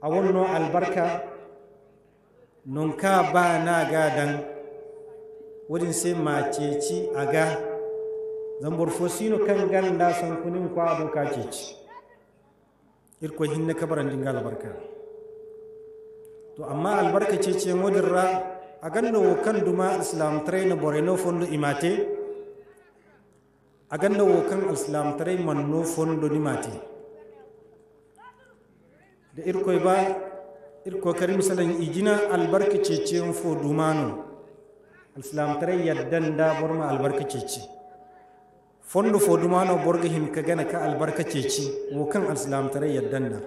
a wannan albarka non ka ba na ga dan wurin sai maceci a ga zambar fosino kan da son kunin kwa abun ka ceci hin na kabaran dinga albarka to amma albarka ce ce ra a ganna kan duma islam tare na borino fondo imate a ganna kan islam tare manno fondo imate. Da irko ba irko kari misalan ijina albarka cece yin fo dumano alislam tare yaddan da borma albarka cece fondo fo dumano borga him ka gana ka albarka cece wo kan alislam tare yaddan da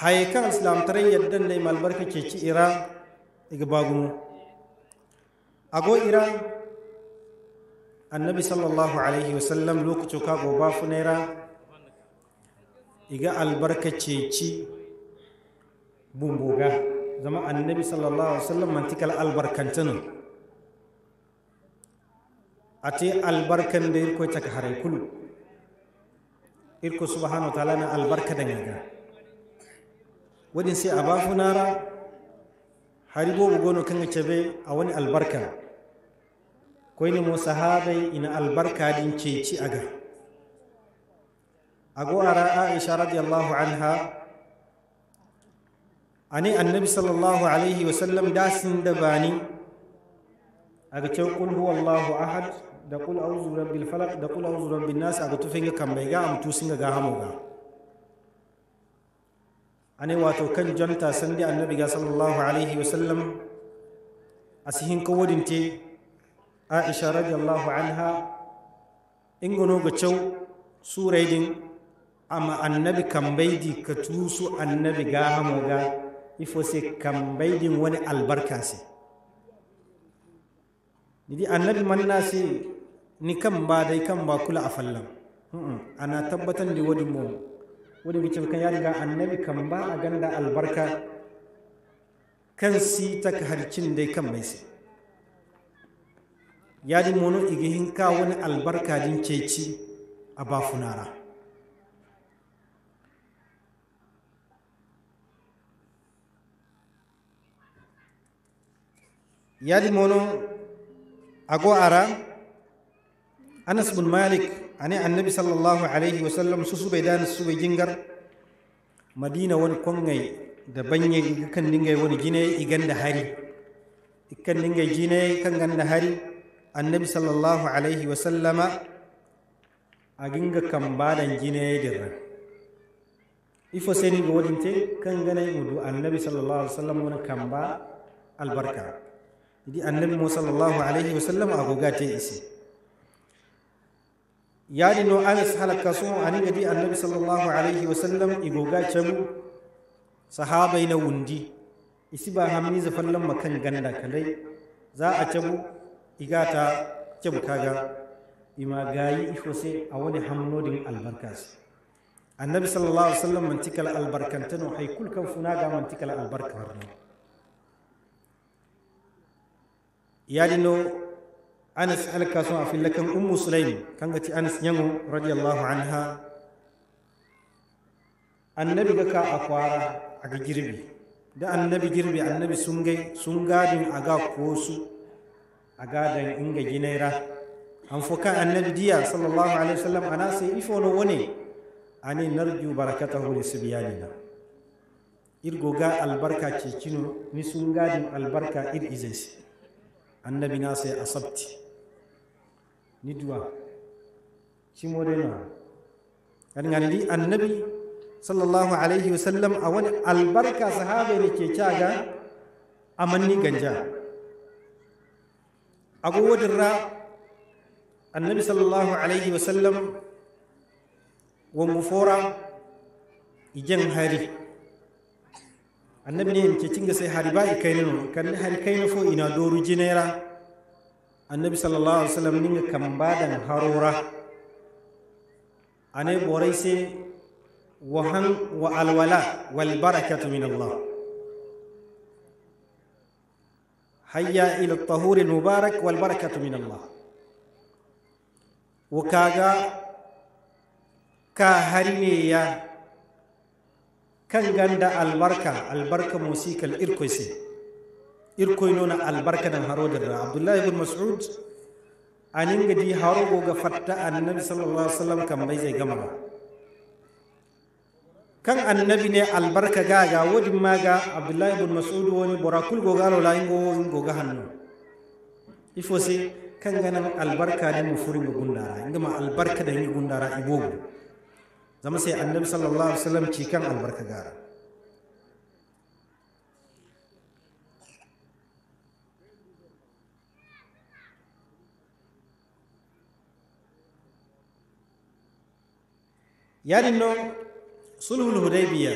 haye kan alislam tare yaddan da im albarka cece ira iga bagumo ago ira annabi sallallahu alaihi wasallam lokacin kago bafu naira iga albarka ceci bumbuga zama annabi sallallahu alaihi wasallam mantikal albarkantano ati albarkan da irko taka hare kulu irko subhanahu wa ta'ala na albarka ga wadin sai abafu nara haribo bugono kan cebe a wani albarka koyni mo sahabai ina albarka din ceci aga agowara aisha radiyallahu anha ani annabi sallallahu alaihi wasallam dasin da bani ga cew qul huwallahu ahad da qul a'udhu birabbil falaq da qul a'udhu birabbin nas aga tufinga kambe ga am tusinga ga hamo ga ane wato kan janta jonta sandi annabi ga sallallahu alaihi wasallam asihin ko wodinte aisha radiyallahu anha ingono ga cew suraydin amma annabi baidi ka tusu annabi gahamo ga ifo se baidin wani albarka se didi annabi manna se ni kan ba dai kan ba kula a fallan ana tabbatar da wadin mu wadin bice kan ya riga annabi kan ba a ganda albarka kan si ta harcin dai kan mai sai ya di mono igihin ka wani albarka din ceci a bafunara yadi mono ago ara anas bin malik ane annabi sallallahu alaihi wasallam susube dan sube jingar madina wani kongay da banye kan dinga wani jine iganda hari ikan dinga jine kan ganda hari annabi sallallahu alaihi wasallama a ginga kan badan jine dirra ifo seni ga wadinte kan ganay mudu annabi sallallahu alaihi wasallam wani kamba albarka di annabi mu sallallahu alaihi wa sallam a goga ta isi ya yaadi no anas halaka su an ga di annabi sallallahu alaihi wa sallam i goga ta mu sahabai na wundi isi ba hamni zafallan makan ganda kalai za a ta camu igata mu kaga ima gayi sai a wani hamno din albarka su annabi sallallahu alaihi wa sallam mantikal albarkantano haikul kan funa ga mantikal albarkarno yadino anas sun a fillakan ummu sulaim kan gaci anas yango radiyallahu anha annabi ga ka a kwara a ga girbi da annabi girbi annabi sun gai sun gadin a ga kosu a gadan inga ginaira an fuka annabi diya sallallahu alaihi wasallam ana sai ifo no wone ani narju barakatahu li subyanina irgo ga albarka ce kino ni sun gadin albarka ir izesi annabi na sai asabti niduwa shi modena kan gani annabi sallallahu alaihi wasallam a wani albarka sahaba ne ke kyaga manni ganja a agogodin ra annabi sallallahu alaihi wasallam wa mufora ijen hari annabi ne ke kinga sai hariba ba ikaina no kan hari kaina fo ina doru jinera annabi sallallahu alaihi wasallam ninga kam badan harura ane borai se wahan wa alwala wal barakatu min Allah hayya ila at-tahur al-mubarak wal barakatu min Allah wukaga ka harimiya kan ganda albarka albarka musikal irkoy se irkoy albarka dan harodirra abdullahi ibn mas'ud aninga di haro ga fatta annabi sallallahu alaihi wasallam kan bai zai gama kan annabi ne albarka gaga wodin maga abdullahi ibn mas'ud wani borakul go galo la ingo ingo ga hannu ifo se kan ganan albarka ne mu furin gundara inga ma albarka da ni gundara ibogo zama sai annabi sallallahu alaihi wasallam ci kan albarka gara yaadin no sulhul hudaybiya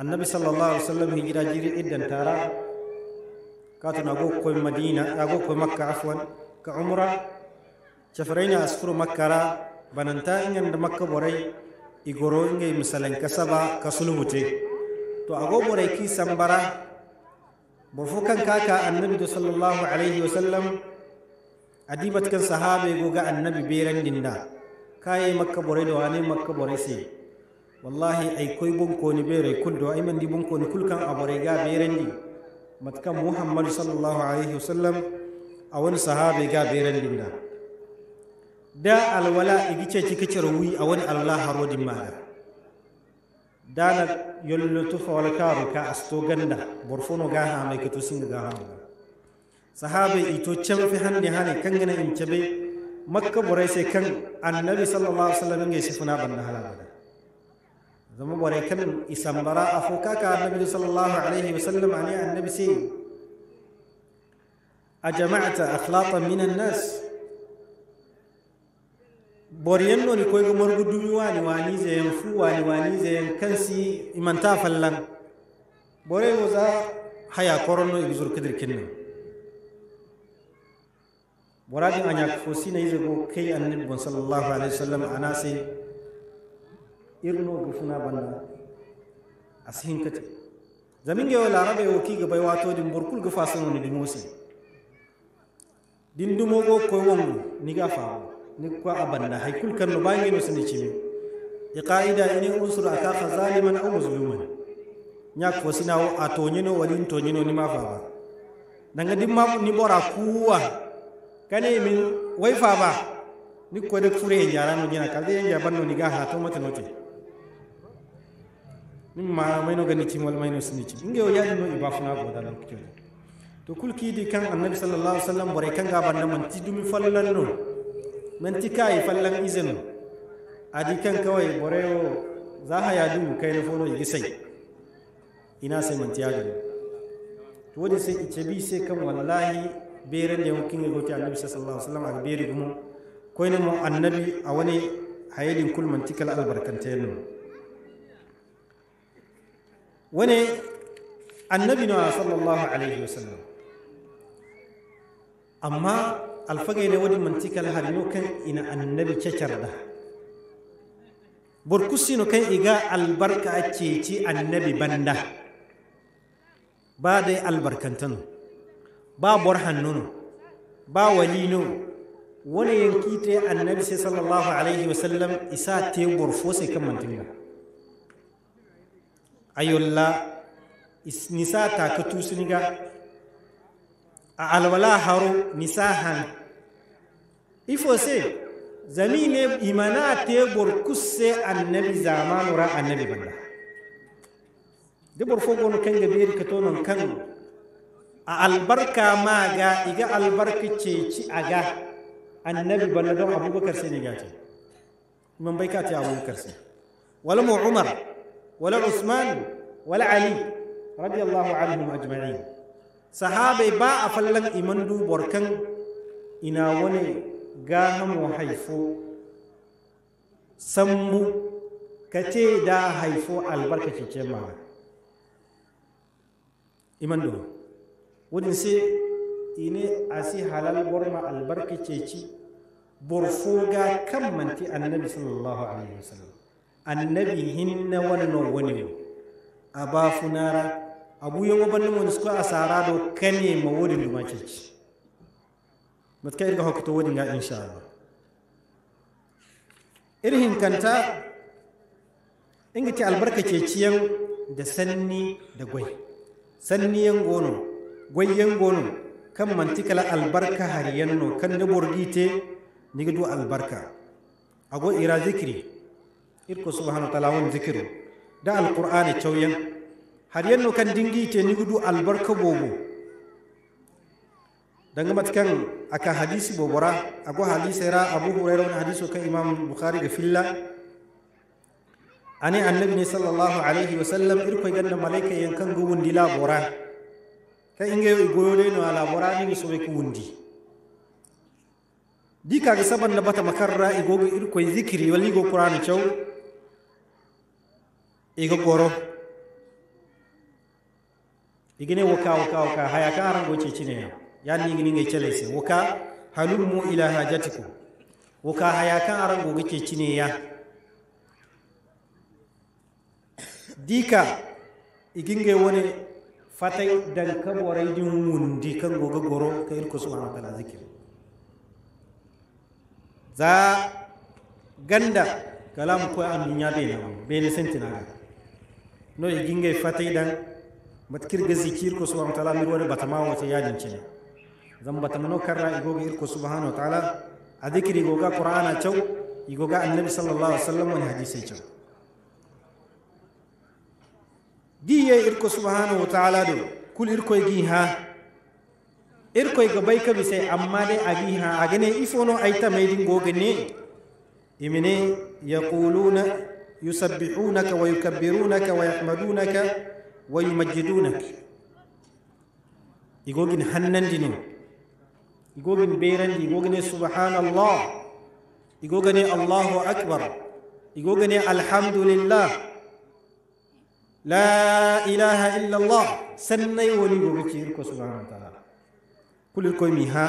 annabi sallallahu alaihi wasallam hijira jiri iddan tara katun ago koy madina ago koy makka afwan ka umra cafarayna askuru makkara bananta in yanda maka borai igoro ingai misalan kasaba kasulmute to ago borai ki sambara burfu kan kaka annabi da sallallahu alaihi sallam adibat kan sahabe goga annabi beran dinda kai makka borai da wani makka borai sai wallahi koi bun ko ni berai man di bun ko ni kulkan aborai ga beran di matkan muhammad sallallahu alaihi wasallam a wani sahabe ga beran dinda da alwala igice ciki cirwi a wani alwala harodin mada dana yollo tufa wal karu ka asto ganda borfono ga ha mai kato singa ga ha sahabe ito can fi hanne hane kan gana in cabe makka borai sai kan annabi sallallahu alaihi wasallam ya sifuna banda halala zama borai kan isambara afoka ka annabi sallallahu alaihi wasallam ani annabi sai a jama'ata akhlaqan minan nas boriyen no ni koy gumor gudu wani wani zayen fu wani wani zayen kansi imanta fallan bore wo za haya korono igzur kedir kinni boraji anya ko sina yize go kai annabi bon sallallahu alaihi wasallam anase irno gufuna banna asihin kati zamin ge wala rabe wo ki bai wato din burkul gufa sunu ni dimosi din dumo go koy wongu ni gafa ni kwa abanna hay kul kan no bangi no sini chimi e qaida ini usra ka kha zaliman aw mazluman nya ko sina wo atonyino walin tonyino ni ma faba nanga dimma ni bora kuwa kane min wai faba ni ko de fure jara no jina kalde ya banno ni ga ha to mata note ni ma mai no gani chimi wal mai no sini chimi ngewo ya no ibafuna go dalan kito to kul di kan annabi sallallahu alaihi wasallam bore kan ga banda man ti dumi fallan no manti kai fallan izin adi kan kawai borewo za ha ya kai na fono yi sai ina sai manti ya gani to wani sai ice bi sai kan wallahi beren da yankin ya goti annabi sallallahu alaihi wasallam a beri gumu ne mu annabi a wani hayalin kul manti kal yanu wani annabi na sallallahu alaihi wasallam amma alfagayne wodi mantikal harino kan ina annabi burkusi no kan iga albarka ce ci annabi banda ba dai albarkantano ba bor hannono ba walino wani yanki ta annabi sai sallallahu alaihi wa sallam isa te burfo sai kan mantinga ayolla nisa ta ka alwala haro misahan ifo se zamine imana te bor kusse annabi zamanu ra annabi banda de bor fo gono kanga beri ka tonon kan a albarka maga iga albarka ceci aga annabi banda don abubakar sai ne gace man bai ka abubakar sai wala mu umar wala usman wala ali radiyallahu anhum ajma'in sahabai ba a fallan imandu kan ina wani gahamo haifo sammu ka ce da haifo albarkaci ce ma dubu wani sai ine a si halal borma albarkaci ci borfoga kan manti annabi sallallahu alaihi wasallam annabi hinna wani ne. a ba funara abuyan wani suka asara do kane ma wodin duma kici mutka irga hokuto wodin ga insha Allah irhin kanta inga albarka ke ciyan da sanni da gwai yan gono yan gono kan mantikala albarka hariyanno kan da burgite ni gudu albarka ago ira zikiri irko subhanahu wa ta'ala won zikiru da alqur'ani cawyan har yanno kan dingi ni gudu albarka bobo danga matkan aka hadisi bobora ago hadisi ra abu hurairah wani hadisu kan imam bukhari ga filla ani annabi ne sallallahu alaihi wa sallam irko ganda malaika yankan go wundi la bora kan inge goyo ne no ala bora ni so be ku wundi di kaga saban da bata makarra igogo irko zikiri wali go qur'ani chau igo goro igine woka woka woka haya ka arango cine ya yani igine cele chelese woka mu ila hajatiku woka haya ka arango ge cine ya dika iginge wone fatai dan ka din wundi kan goga goro ka irko subhanahu wa ta'ala zikir za ganda kalam ko an dunya be na be ne sentina no iginge fatai dan matkir gazi kirko irko wa ta'ala mi wani ma wata yadin cine zan batamno karra igoga irko subhanahu wa ta'ala a zikiri igoga qur'ana chau igoga annabi sallallahu alaihi wasallam wani hadisai chau diye irko subhanahu wa ta'ala do kul irko gi ha irko ga bai ka bisai amma dai a gi ha a gane ifono aita mai dingo ne imine yaquluna yusabbihunaka wa yukabbirunaka wa yahmadunaka ويمجدونك يقولون حنن دينو يقولون بيرن يقولون سبحان الله يقولون الله أكبر يقولون الحمد لله لا إله إلا الله سنة ولي كيركو سبحانه وتعالى كل الكوي ميها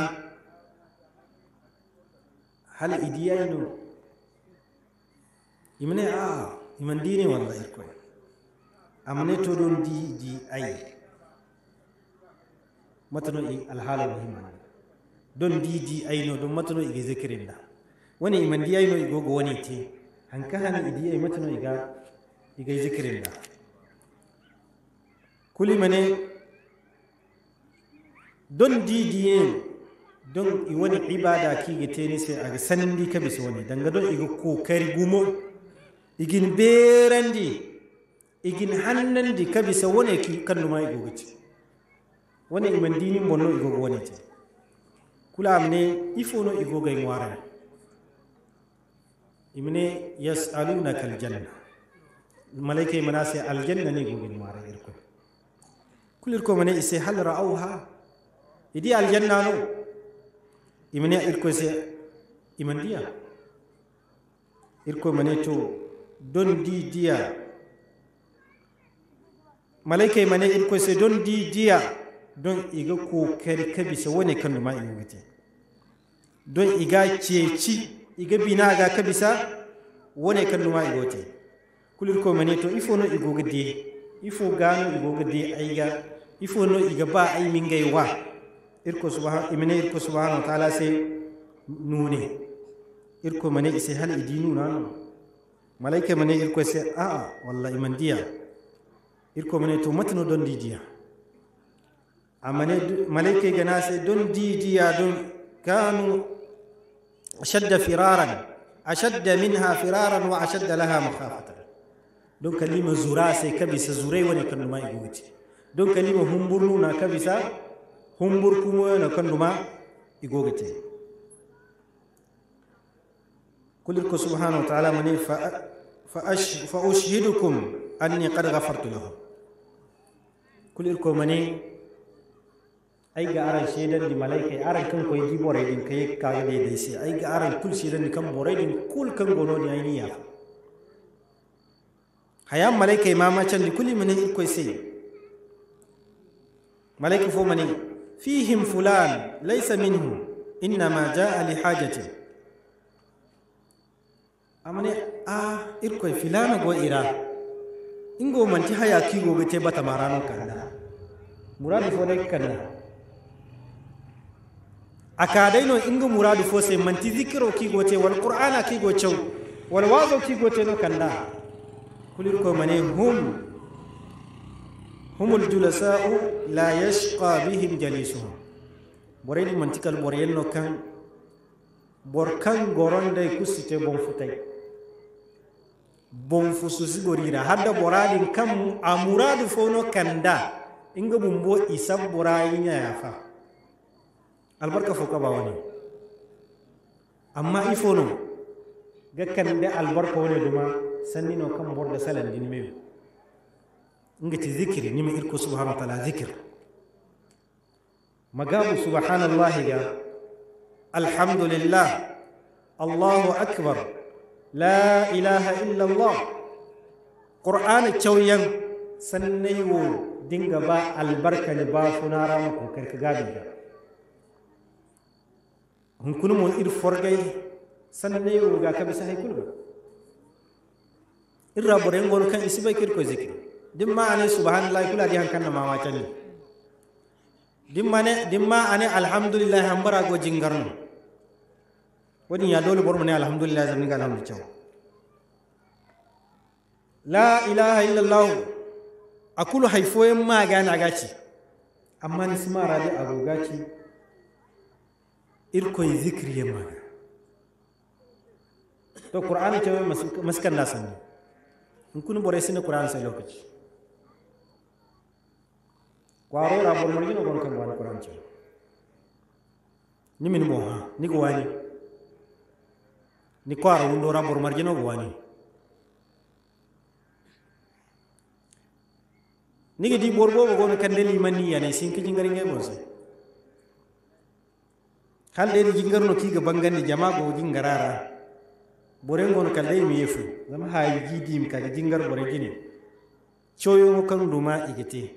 هل إديانو يمنع آه يمن ديني والله إركوي amne to don di di ayi matano i alhaala muhimman don di di ayno ɗon matano iga da wani iman di ayno igogo wani te hanka hani idi matano iga zikirin da kuli mane don di don i woni ibada ga teni se sanin di kabi bisa wani danga don iga kokari gumo igin berandi igin hannun di ka bisa wane ki kan numa igogo wane iman dini bonno igogo wane ce, kula amne ifo no igogo in wara imne yas'alunaka aljanna malaikai mana sai aljanna ne igogo in wara irko kulir ko mane ise hal ra'auha idi aljanna no imne irko sai iman diya irko mane to don di diya malaikay mane il koy sai don di don iga kokari ka bisa wani kan numa in wate don iga ceci iga bina ga ka bisa wani kan numa in wate kulir ko mane to ifo no igo gade ifo gano igo gade aiga ifo no iga ba ai mingai wa irko subhanahu imane irko subhanahu wa ta'ala sai nune irko mane isai hal idinu nanu malaika mane irko sai a'a wallahi mandiya diya irko mane to matino don didiya amane malaike gana sai don didiya don kanu ashadda firaran ashadda minha firaran wa ashadda laha mukhafatan don kalima zura sai kabisa zurai wani kan duma igoti don kalima humburnu na kabisa humbur kuma na kan duma igogate kulirku subhanahu wa ta'ala mane fa fa ashhidukum anni qad ghafartu lahum kulir ko mane ai ga aran shedan di malaika aran kan ko yi borai din kai ka ga dai sai ai ga aran kul shedan kan borai din kul kan gono ni ainiya hayan malaika imama can di kuli mane ko sai malaika fo mane fihim fulan laysa minhu innama jaa li hajati amane a ah, irko filana go ira ingo manti haya gobe te bata marano kanna muradu fo dai kanna akadai no ingo muradu fo sai manti zikiro ki te wal qur'ana ki cew wal wazo kigo te no kanna kulir ko mane hum humul julasa'u la yashqa bihim jalisuhum boreni mantikal borenno kan bor kan goronde kusite bon futai bon fususi gorira hadda boradin kam a muradu fono kanda inga bumbo isa borayin ya fa albarka fuka ba wani amma ifono ga kanda albarka wani duma sanni no kan borda salan din mewe inga ci zikiri nima irko subhanahu ta'ala zikir magabu subhanallahi ga alhamdulillah allahu akbar la ilaha illallah qur'ana cawyan sannai wo dinga ba albarka ne ba funa ramu ko kai ka gabi da hun kunu mun ir forgai sannai wo ga ka bisa haikul ba irra boren gol kan isibai kirko zikri din ma ane subhanallahi kula di hankan na mama tani din ma ne din ma ane alhamdulillah hambara go jingarnu wadin ya dole bar mu ne alhamdulillah zamin ga alhamdulillah cewa la ilaha illallah akulu haifoyin ma gana gaci amma ni sima radi abu gaci irkon zikri ya maga to qur'ani ce maskan na sani in kun bore sine qur'ani sai lokaci kwaro rabon margina gonkan wani qur'ani ce ni min mo ha ni go wani ni ara wundora bor marjino wani ni gidi bor bobo gon li mani yani sin ki jingari ngai se kan de jingar no ga bangani jama go jingarara bore gon kalle mi yefu zama hayi gidim kaga jingar bore gini choyo mo kan duma igite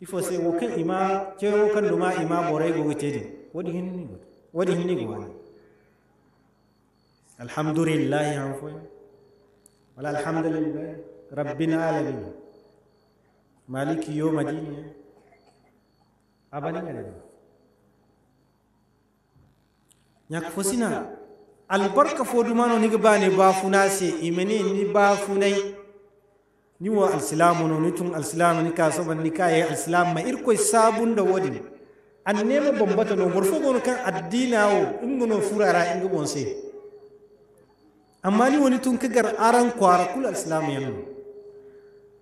ifo se wo kan ima choyo mo kan duma ima bore go gite de wodi hinni wodi hinni go wani الحمد لله عفوا ولا الحمد لله رب العالمين مالك يوم الدين أبدا ñakfosina albarka fodumano niga bane bafunase imene ni bafunai niwo alsilamu no ni tun alsilamu ni kaso ban ni kaye alsilamu ma irko sabun da wodin an nema bambata no morfo gono kan addinawo ingono furara ingo bonse amma ni wani tun ka kagar aran kwara kul islam yanno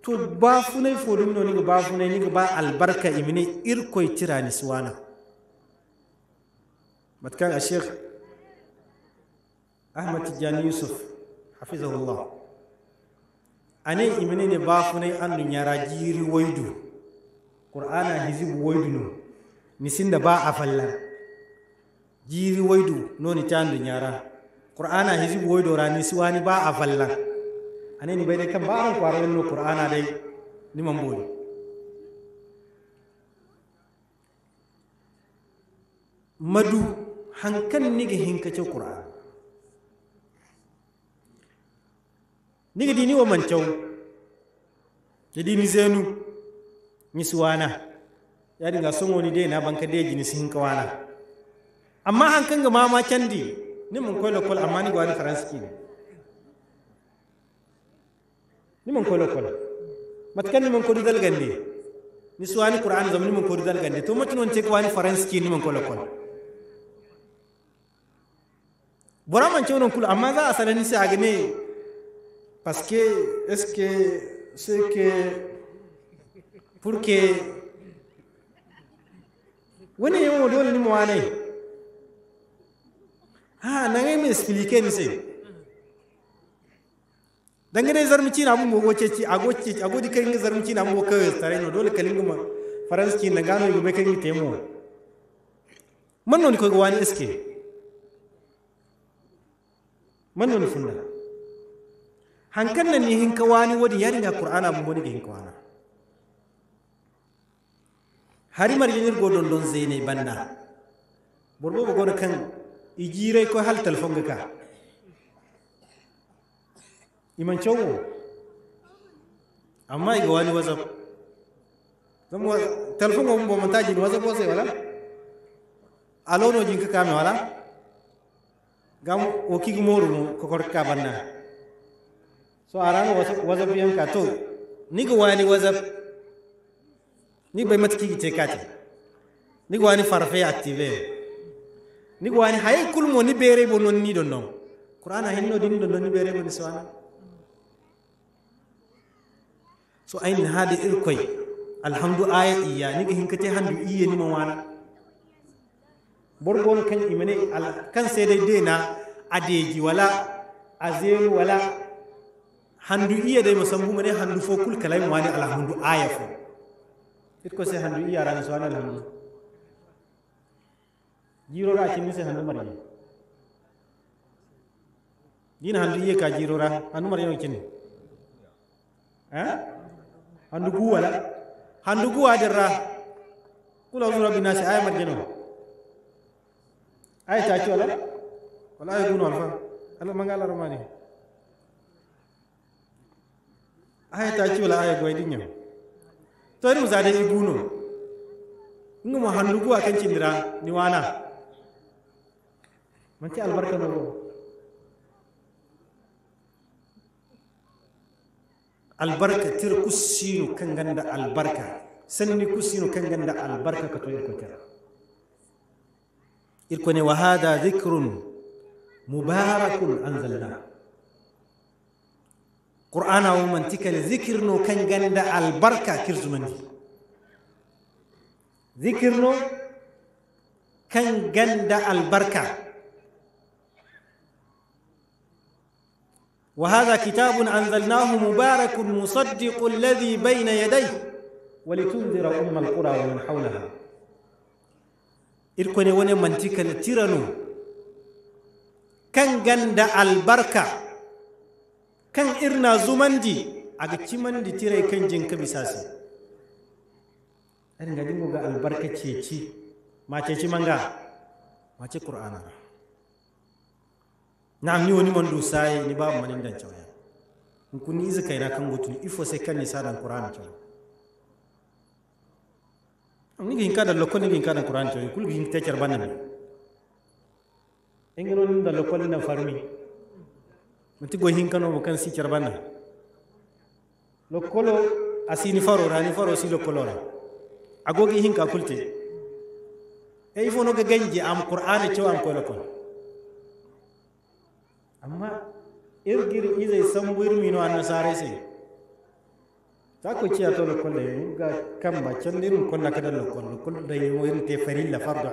to ba funai fodum no niga ba funai niga ba albarka imine irkoy tirani suwana matkan a sheikh ahmad tijani yusuf hafizahullah anai imine ne ba funai an dunyara jiri waidu qur'ana hizibu waidu no da ba afallar jiri waidu no ni tan dunyara qur'ana dora ni dorani siwani ba a fallan aneni bayde kam ba an kwaro no qur'ana dai liman boli madu hankan niga hinkace qur'an niga dini wa mancau da dini zenu ni suwana ya dinga sun wani dai na banka dai jini sun kawana amma hankali ga mama candi ni mun koy lokol amma ni gwani ne ni mun koy lokol matkan ni mun koy dal gande ni suwani qur'an zam ni mun koy dal gande to matin on ce gwani faransi ni mun koy lokol bora man ce non kul amma za a sanani sai a gane parce que est-ce que c'est que pour que wani yawon dole ni mu wane. ha na ngai mi expliquer ni sai dan gane zarmici na mu goce ci a goce a godi kan zarmici na mu ka tare no dole kalin guma faranski na gano me kan yi temo man non ko wani iske man non funna hankan nan ni hin ka wani wadi yari na qur'ana mun wani hin ka wani harimar yinir godon don zaine banna borbo gono kan ijiray ko hal telefon ga ka iman chowo amma iga wani whatsapp telefon ga mbo um manta jin whatsapp wose wala alono ka kame wala gam o kigi moru no ko ka banna so arano whatsapp yam ka to niga wani whatsapp ni bai matkigi te kati niga wani farfe active ni wani hay kulmo ni berebo non ni ɗon non qur'an a hinno dini ɗon ɗon ni berebo ni sowana so ayin haade irkoy alhamdu aya iya niga hinkate handu iye nima wana borgono kan al kan seedey dena adeji wala azelu wala handu iya day mo sambu mane handu fo kul kalay mo wani alhamdu aya it ko se handu iya rana so wani alhamdu jirora kimise hanumar ye dina handu iye ka hanu hanumar ye chini eh handu la handu guwa jira kula uzura binasi ay marjino ay ta ci wala wala ayi gunu alfa ala mangala romani ayi ta ci wala ay goy dinyo tori musade ibuno ngumo handu guwa kan cindra ni wana మంచి అల్బర్కన్ البركة تركو سينو كان البركة سنني كسينو كان عند البركة كتير كتير إلكوني وهذا ذكر مبارك أنزلناه قرآن أو من تكل ذكر نو كان عند البركة كرزمني ذكر نو كان عند البركة, كرزمني. ذكرنو كان عند البركة. وهذا كتاب أنزلناه مبارك مصدق الذي بين يديه ولتنذر أم القرى ومن حولها إركني وانا منتك لترنو كان غندا البركة كان إرنا زماندي أكتشمان دي تيري كان جنك بساسي أرنغا دي مغا البركة تيتي ما تيتي مانغا ما تيتي قرآن رح. nam ni woni man du saye ni babu manin dan cawya in kun izi kaina kan gutul ifo sai kan ni sadan qur'an cawya ni gin kada lokko ni gin kada qur'an cawya kul gin ta cer banan en gnon da lokko na farmi muti go hin kano kan si cer banan lokkolo asini faro rani faro si lokkolo ra agogi hin kulte e ifo no ga ganji am qur'an cawya am ko amma irgir izai no mino sare se ta ko ciya to lo kolle ga kam ba can irin kolla kada lo kolle kul da yi irin te la farda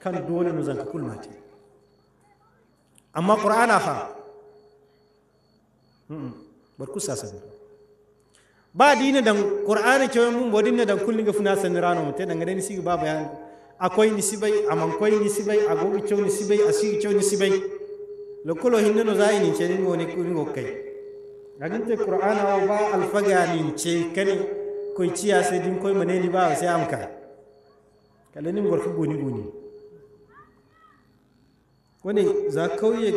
kan dole mu zanka kul mate amma qur'ana fa hmm bar ku sasa ba dina dan qur'ani ce mun bodin ne dan kullin ga funa san mu te dan ga ni sigi ba bayan akwai ni sibai aman koi ni sibai agogi cew ni sibai asiri cew ni sibai lokkolo hinneno za i nince ɗin goni ɗingo kay aginte qur'ana wa ba alfaga che kani koy ciya se din koy ni ba se amka kala ni ngor goni goni woni za kauye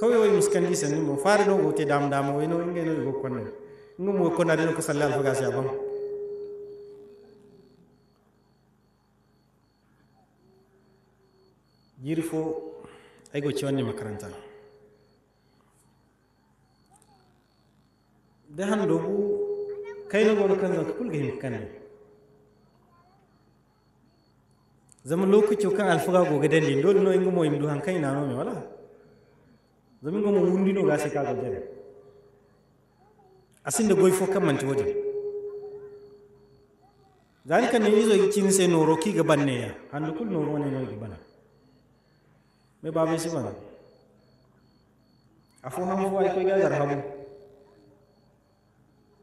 kauye way miskandi sanni mo faare ɗo go te dam dama wayno no go konne ngo mo konade ɗo ko salle alfaga se abam jiri ay go ciwanni makaranta dahan dogu kaino gona kan zan kul gahim kan zama lokaci kan alfuga go gadan din dole no ingo moyim duhan kai na no me wala zama ingo mo wundi no gase ka go jare asin da goy fo kan manti wodi zan kan ne yizo kin sai no roki gaban ne ya handu kul no wona no bana, me babe si bana afu hamu wai ko ga zarhamu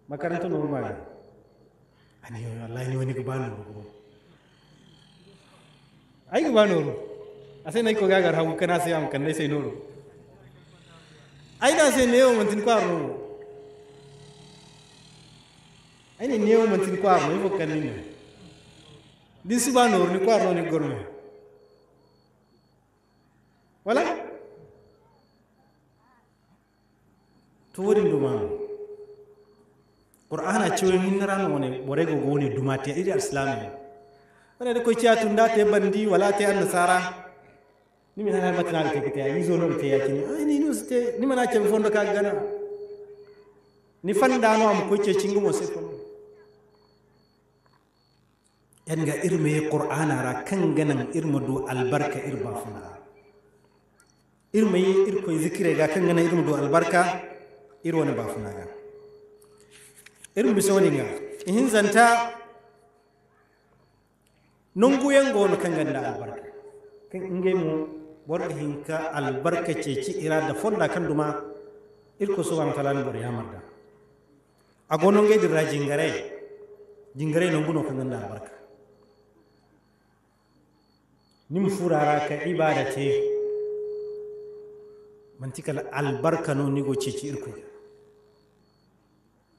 makarantar mu ba ani wallahi ni wani ko bano ko ay ko a ro asai nay ko gagar hawu kana sai am kanai sai noro ai da sai ne yau mantin ko ro ai ne yau mantin ko ro ko kanai ne din su bano ni ko ro ni gorme wala to wurin qur'ana cewre hinirano wone worego go woni dumate iri alislami o wona de koye ceya ta te bandi wala te an nasara ni nimin hana matinaɗo teketeya yisonoɓe teya cini ni nusite nimana ceɓe fondo ka gana ni fandano ama kai ce cingumo se ko yan ga irma ya ƙur'ana ra kan ganan irma do albarka irba funa irma ya irkon zikire ga kan ganan irma do albarka irwani ba funa ga irmi soninga ihin zanta nunguyen gono kan ganda albarka kan inge mu borga hinka albarka ce ci ira da fonda kan duma irko subhanahu wa ya bor a gonon gai dira jingare jingare nunguno kan ganda albarka nim furara ka ibadate mantikala albarka no nigo ce ci irko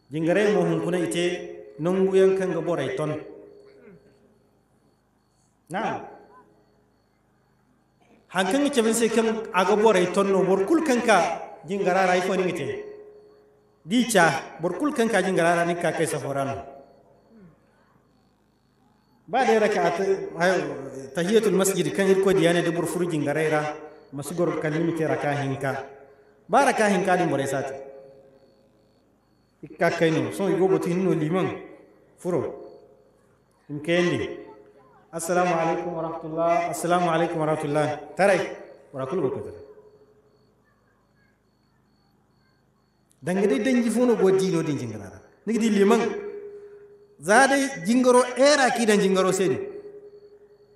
jingare mo kuna ite yang kan ga borai ton na hankan ke bin sai kan aga borai ton no bor kul kanka jingara rai ko ni ite dicha bor kul ka jingara rai ka kai saforano ba da raka'at tahiyatul masjid kan ko diyana da bor furjin garaira masu gor kan limite rakahinka ba hinka din borai sati ikkakkaino son igo boti hinno liman furo im kendi assalamu wa rahmatullah assalamu wa rahmatullah tarai wara kulgo ko tarai dangi dai dangi fono go dino din jingarara nigi di liman za dai jingaro era ki dan jingaro sedi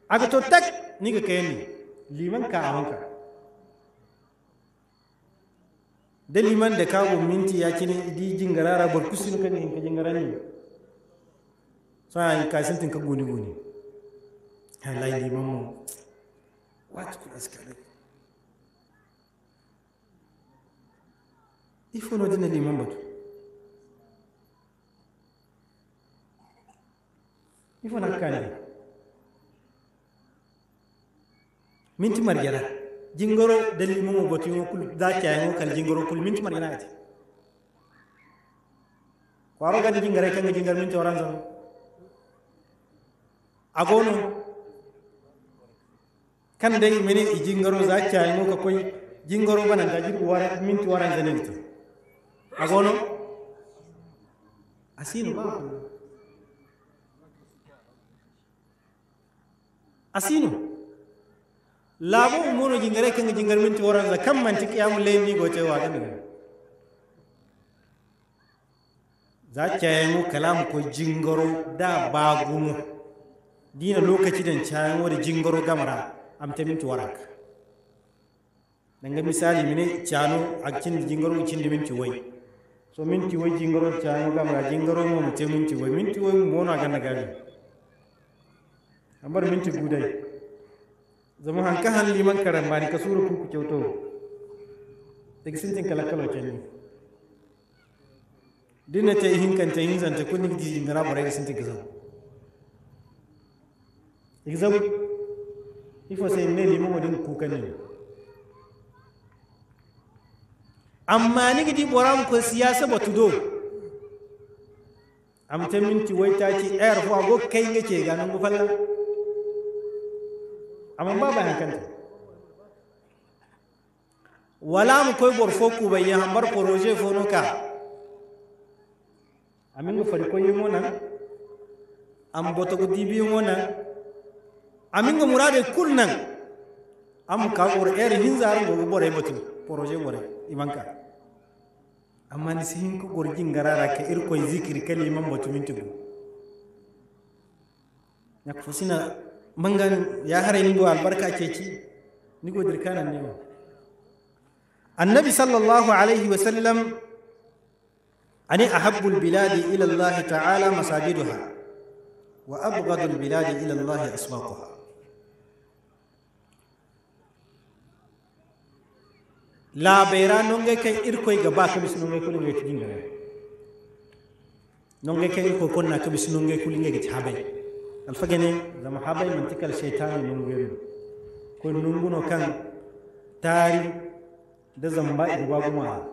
aga to tak nigi kendi liman ka awanka da liman da kawo minti ya kini idi jingarara bar kusin kan in ka jingarani so an ka sintin ka goni goni layi liman mu wat ku askare ifo na dina liman batu ifo na kane minti margara jingoro dalil mo boti mo kul da cay mo kan jingoro kul min tumar ginaati ko aro gadi jingare kan jingar min toran zon agono kan dai mene i jingoro za cay mo ko koy jingoro bana da jir wara min tu waran zanen to agono asino ba asino labu umuru jingare kan jingar minti waran za kam manti qiyamul layl ni goce wa kan za mu kalam ko jingaro da bagumo dina lokaci dan cayangu da jingaro gamara am ta minti warak danga misali mine cano akin jingaro cin minti wai so minti wai jingaro cayangu gamara jingaro mo mutum minti wai minti wai mo na ganna gari ambar minti gudai zama hanka han liman karan ni ka sura ku kyauto daga sun tin kala kala kenan dinna ta hin kan ta hin zanta kun ji ngara bare sun tin kaza gizo ifo sai ne liman wadin ku kan ne amma ni gidi boram ko siyasa batudo am ta minti wai ta ci ayar er fo ago kai ngake mu gufalla amma ba bayan kanta wala mu koi borfo fo ku bayan hambar koroje fo amin ga fari koy mona nan am boto ko dibi mo nan amin ga murade kul nan am ka bor er hin hinzar go bore mutum projet bore imanka amma ni sihin ko gorjin garara ka irkoy zikir kaliman mutumin tugu yak fusina mangan ya hare ni go albarka ci ni go dirkana ne wa annabi sallallahu alaihi wa sallam ani ahabbul biladi ila allah ta'ala masajiduha wa abghadul biladi ila allah aswaquha labera nonge kay irkoy gaba kabis nonge kulinge tijinga nonge kay irkoy konna kabis nonge kulinge gitabe alfagene zama habai mantikal shaitani nungwenu ko nunguno kan tari da zamba igwa guma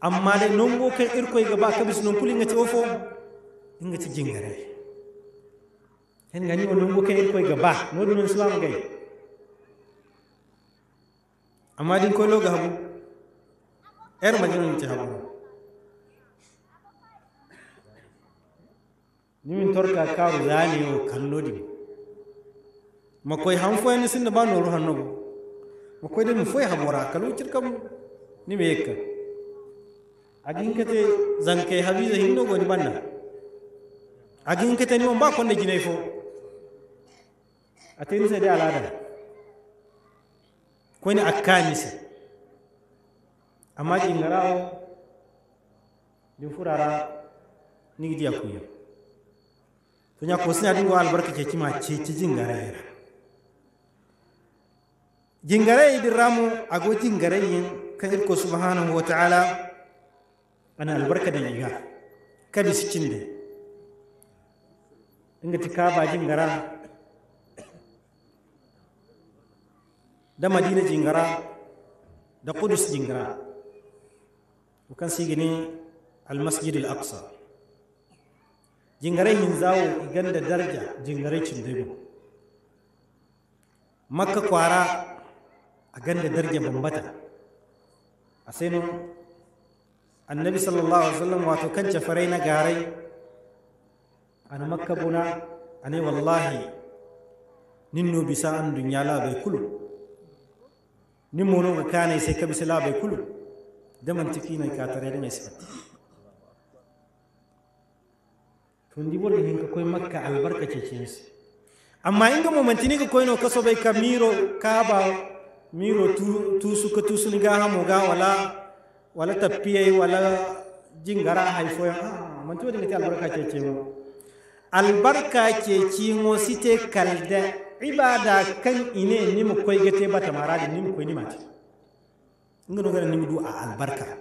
amma dai nungu kan irkoi gaba ka bisu nunkuli ngati ofo ngati jingare hen gani o nungu kan irkoi gaba nodu nun islam gai amma din ko loga habu er majinon ti habu nimin torka karu kallo o kallodi Makwai han foy ni sinda ba noru hanno makoy de foy habora kalu cirkam ni mekka agin kate zanke habiza hindo goni banna agin kate ni ba konde jinay fo ateni sai da alada koni akkani se amma jingarawo din furara nigdi akuya to nya ko suna dinga albarka ke kima ce ci jingare jingare di ramu go jingare yin ka irko subhanahu wa ta'ala ana albarka da yiga kabi sikin de inga ka ba jingara da madina jingara da kudus jingara kan sigini al masjid al aqsa jingare hin zawo ganda darja jingare cindego makka kwara a ganda darja bambata a sai nun annabi sallallahu alaihi wasallam wato kan farai na garai ana makka buna ane wallahi no bisa an dunya labai kulu nin mono ka kane sai ka bisa labai kulu da mantiki ne ka tare da mai sifati to ndi bor hin koy makka albarka ce cinsi amma inga momantini ka koyno kaso bai ka miro kaba miro tu ka tusuni tu ga hamo ga wala wala tappiyai wala jingara haifo ya ah, man to dinga albarka ce ce mo albarka ce ci mo site kalda ibada kan ine ni mu koy gate bata maradi ni mu koy ni mati inga no ga ni mu du a albarka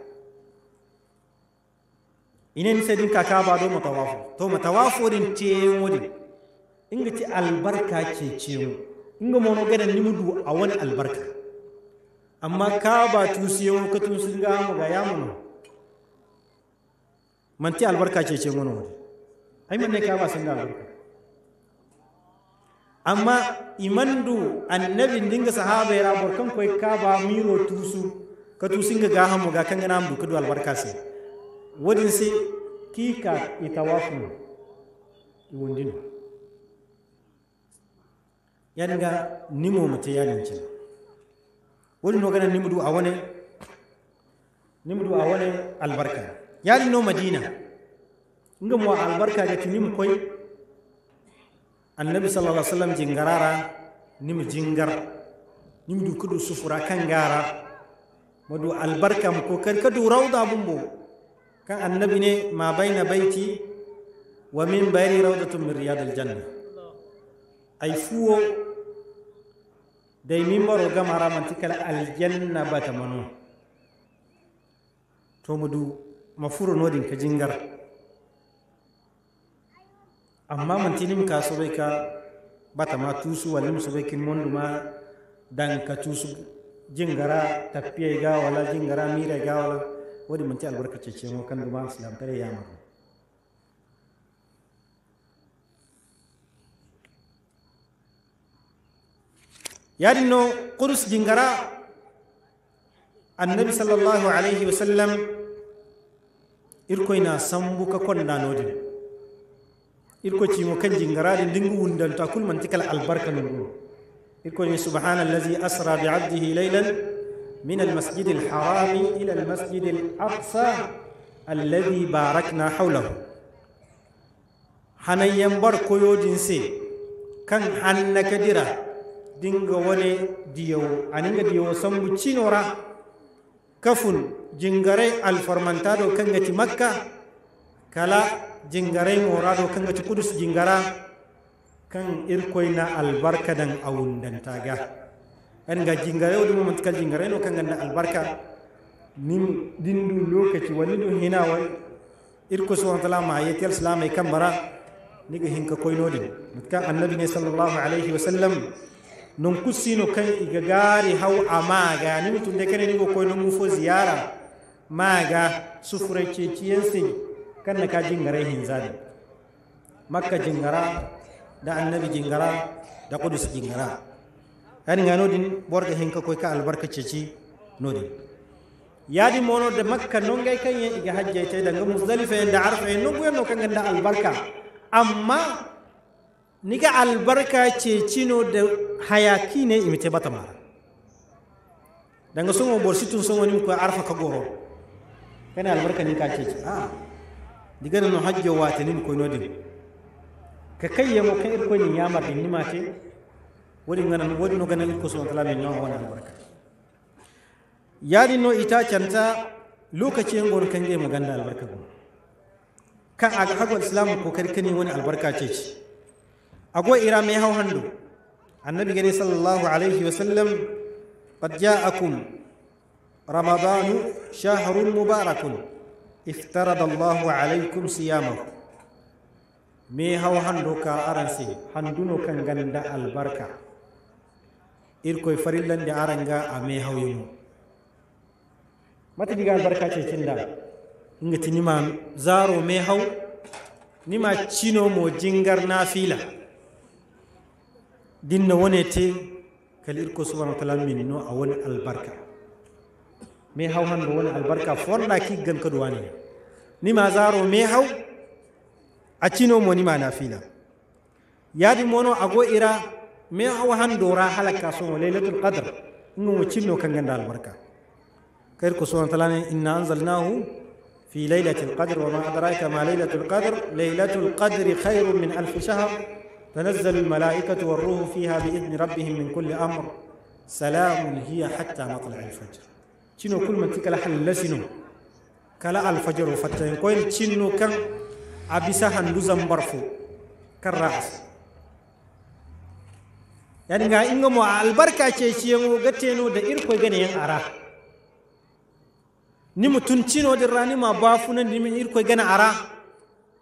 inen din ka kaba do mutawafo to mutawafo din ceyin in inga ci albarka ce in inga mono dan nimudu a wani albarka amma kaba yau ka tun sun ga mu ga ya mu man ti albarka ce ceyin wani wani ai man ne kaba sun ga albarka amma imandu annabin dinga sahaba ya rabar kan koy kaba miro tusu ka tusinga ga mu ga kan gana mu kudu albarka sai wodinsi kiika itawafu yan ga nimo mate yalincin wodin hogana nimudu a wani nimudu a wani albarka ya no madina nga mu albarka da tinim koy annabi sallallahu alaihi wasallam jingarara nimu jingar nimudu kudu sufura kan gara madu albarka mu ko kan kadu rawda bumbo kan annabi ne ma na baiti wa min bayri rawdatun min riyad aljanna ay fuwo dai min maro gama haramanti tikala aljanna ta mano to mu du ma nodin ka jingara amma mantinim ka sobe ka ta ma tusu so sobe kin mondu ma dan ka tusu jingara tafiya ga wala jingara mira ga wala wodi manti albarkace ceŋo kaŋ duga islam ya yamaru Ya dino kudus jingara annabi sallallahu alaihi wa sallam irkoyna sambu ka kondanodin irko ci cimo kan jingaraɗin ndingu wundalta kul manti kala albarka nunɗum irkoye subhana allazi asra bi abdihi leylan من المسجد الحرام إلى Afsa, الأقصى Barak na حوله Hanayen bar koyo dinse kan hanna kadira dinga wani diyawo aninga diyawo sambu cinora kafun jingare alformantado kan gati makka kala jingare morado kan gati kudus jingara kan irkoina albarka dan awundantaga an ga jingare wadu mu matuƙar jingare no kan ganin albarka nim dindu lokaci wani do hina wani irko subhanahu wa ta'ala ma ayatul islam ay kambara ga hinka nodin matuƙar annabi ne sallallahu alaihi wa sallam kusi no kan iga gari hau maga ni mutum da kane koi nun mufo ziyara maga sufure ceciyen sin kan na ka jingare hinzani makka jingara da annabi jingara da kudus jingara yani nga nodin borga hinka koy ka albarka ceci nodin yadi mono da makka no gai kan yin iga hajjai tai daga muzdalifa yin da arfa yin nungu yanno kan ganda albarka amma niga albarka ceci no da hayaki ne imite batama mara daga sun wabor situn sun wani ko arfa ka goro kana albarka ni ka ceci a ah, diga no hajjo watanin ko nodin ka kayyamo kan irko ni ya din ni mate wodi ngana wodi no ganal ko subhanahu wa ta'ala no wana albarka yadi no ita canta lokaci yan gor kange mu ganda albarka ba ka a ga hago islam ko karkani wani albarka ce ci ago ira mai hau hannu annabi gari sallallahu alaihi wa sallam qad ja'akum ramadanu shahrun mubarakun iftarada allahu alaikum siyamahu me hau hannu ka aransi handuno kan ganda albarka Irko irkoy da aranga a me hawyumo mata diga albarka ce inga ingati nima zaro me ni nima cino mo jingar na fila dinna wonete kala irko subhanahu wa taala min no a wani albarka me hau han no wani albarka gan kiggan kadu ni nima zaro me hau a cino mo nima fila yaadi mono ago ira مي او هاندو را حلقا سو ليلة القدر نو تشينو كان غندا البركة كير كسوان تلاني إن أنزلناه في ليلة القدر وما أدراك ما ليلة القدر ليلة القدر خير من ألف شهر تنزل الملائكة والروح فيها بإذن ربهم من كل أمر سلام هي حتى مطلع الفجر تشينو كل من تكلا حل لسنو كلا الفجر فتن كوين تشينو كان عبسا هندوزا مبرفو كالرأس yani ga inga mu albarka ce ga teno da irko gane yan ara ni mutun cino da rani ma funan ni min irko gane ara